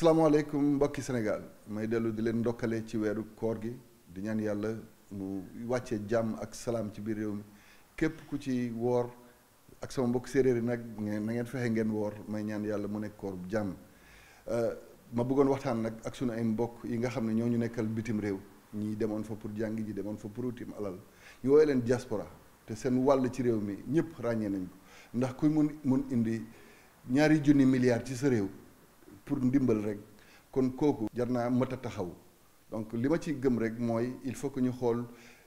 Assalamualaikum mbokki Senegal. may delu di len ndokale ci wéru koor gi di ñaan yalla mu wacce jam ak salam ci biir réew mi ku ci wor ak sama mbokk yi nag na ngeen fexe ngeen woor may ñaan yàlla mu nekk koor bu jàmm eh, ma bëggoon waxtaan nag ak suñu ay mbokk yi nga xam ñoo ñu nekkal bitim réew ñi demoon fa pour jàng ji demoon fa pour utim alal ñu woowee leen diaspora te seen wàll ci réew mi ñëpp ràññee nañ ko ndax kuy mun mun indi ñaari junni milliards ci sa réew pour ndimbal rek kon kooku jar naa mët a taxaw donc li ma ci gëm rek mooy il faut que ñu xool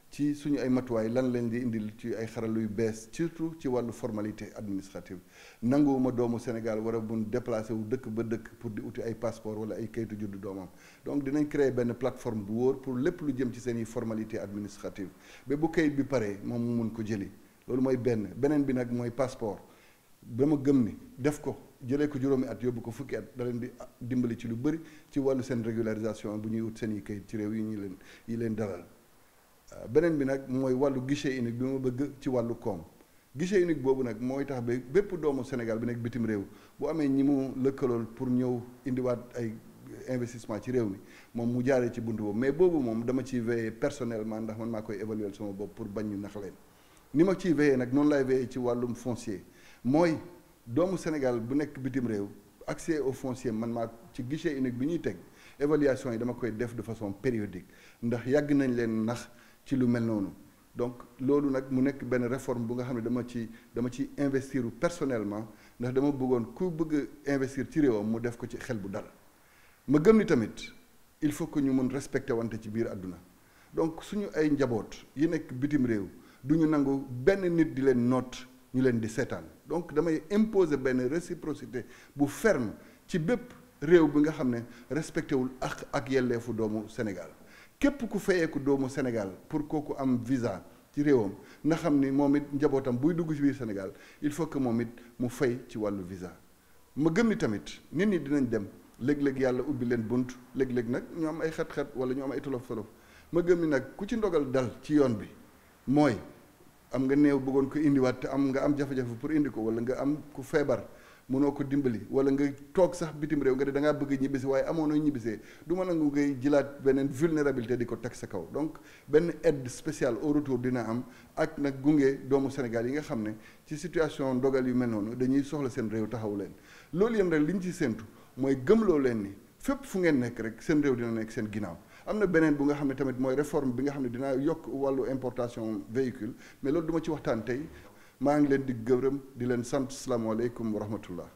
ci suñu ay matuwaay lan leen di indil ci ay xaral yu bees surtout ci wàllu formalité administrative ma doomu Sénégal war a mun déplacé wu dëkk ba dëkk pour di uti ay passeport wala ay kayitu juddu doomam donc dinañ crée benn plateforme bu wóor pour lépp lu jëm ci seen i formalité administrative ba bu kayit bi paree moom mu mun ko jëli loolu mooy benn beneen bi nag mooy passeport ba ma gëm ni def ko jëlee ko juróomi at yóbbu ko fukki at da leen di dimbali ci lu bëri ci wàllu seen régularisation bu ñuy ut seen i kayit ci réew yi ñu leen yi leen dalal euh, beneen bi nag mooy wàllu guichet unique bi ma bëgg ci wàllu koom guichet unique boobu nag mooy tax ba bépp doomu Sénégal bi nekk bitim réew bu amee ñi mu lëkkalool pour ñëw indiwaat ay investissement ci réew mi moom mu jaare ci bunt boobu mais boobu moom dama ciy veiller personnellement ndax man maa koy évaluer sama bopp pour bañ ñu nax leen ni ma ciy veiller nag noonu lay veiller ci wàllum foncier mooy. doomu Sénégal bu nekk bitim réew accès au foncier man maa ci guichet unique bi ñuy teg évaluation yi dama koy def de façon périodique ndax yàgg nañ leen nax ci lu mel noonu donc loolu nag mu nekk benn réforme bu nga xam ne dama ci dama ci investir personnellement ndax dama bëggoon ku bëgg investir ci réewam mu def ko ci xel bu dal ma gëm ni tamit il faut que ñu mën respecter wante ci biir àdduna donc suñu ay njaboot yi nekk bitim réew du ñu nangu benn nit di leen noot ñu leen di seetaan donc damay imposer benn réciprocité bu ferme ci bépp réew bi nga xam ne respecté wul ak ak yelleefu doomu Sénégal képp ku fayeeku doomu Sénégal pour kooku am visa ci réewam na xam ni moom it njabootam buy dugg ci biir Sénégal il faut que moom it mu fay ci wàllu visa ma gën ni tamit nit ñi dinañ dem léeg-léeg yàlla ubbi leen bunt léeg-léeg nag ñu am ay xat-xat wala ñu am ay tolof-tolof ma gëm ni nag ku ci ndogal dal ci yoon bi mooy am nga néew bëggoon ko indiwaat te am nga am jafe-jafe pour indi ko wala nga am ku feebar mënoo ko dimbali wala nga toog sax bitim réew nga ne da ngaa bëgg ñibbisi waaye amoonoo ñibbisee du ma nangu ngay jëlaat beneen vulnérabilité di ko teg sa kaw donc benn aide spéciale au retour dina am ak nag gunge doomu Sénégal yi nga xam ne ci situation ndogal yu mel noonu dañuy soxla seen réew taxaw leen loolu yëpp rek li ñu ci séntu mooy gëmloo leen ni fépp fu ngeen rek seen réew dina nekk seen ginnaaw am na beneen bu nga xam ne tamit mooy réforme bi nga xam ne dinaa yokk wàllu importation véhicule mais loolu du ci waxtaan tey maa ngi leen di gërëm di leen sant salaamaaleykum wa rahmatullah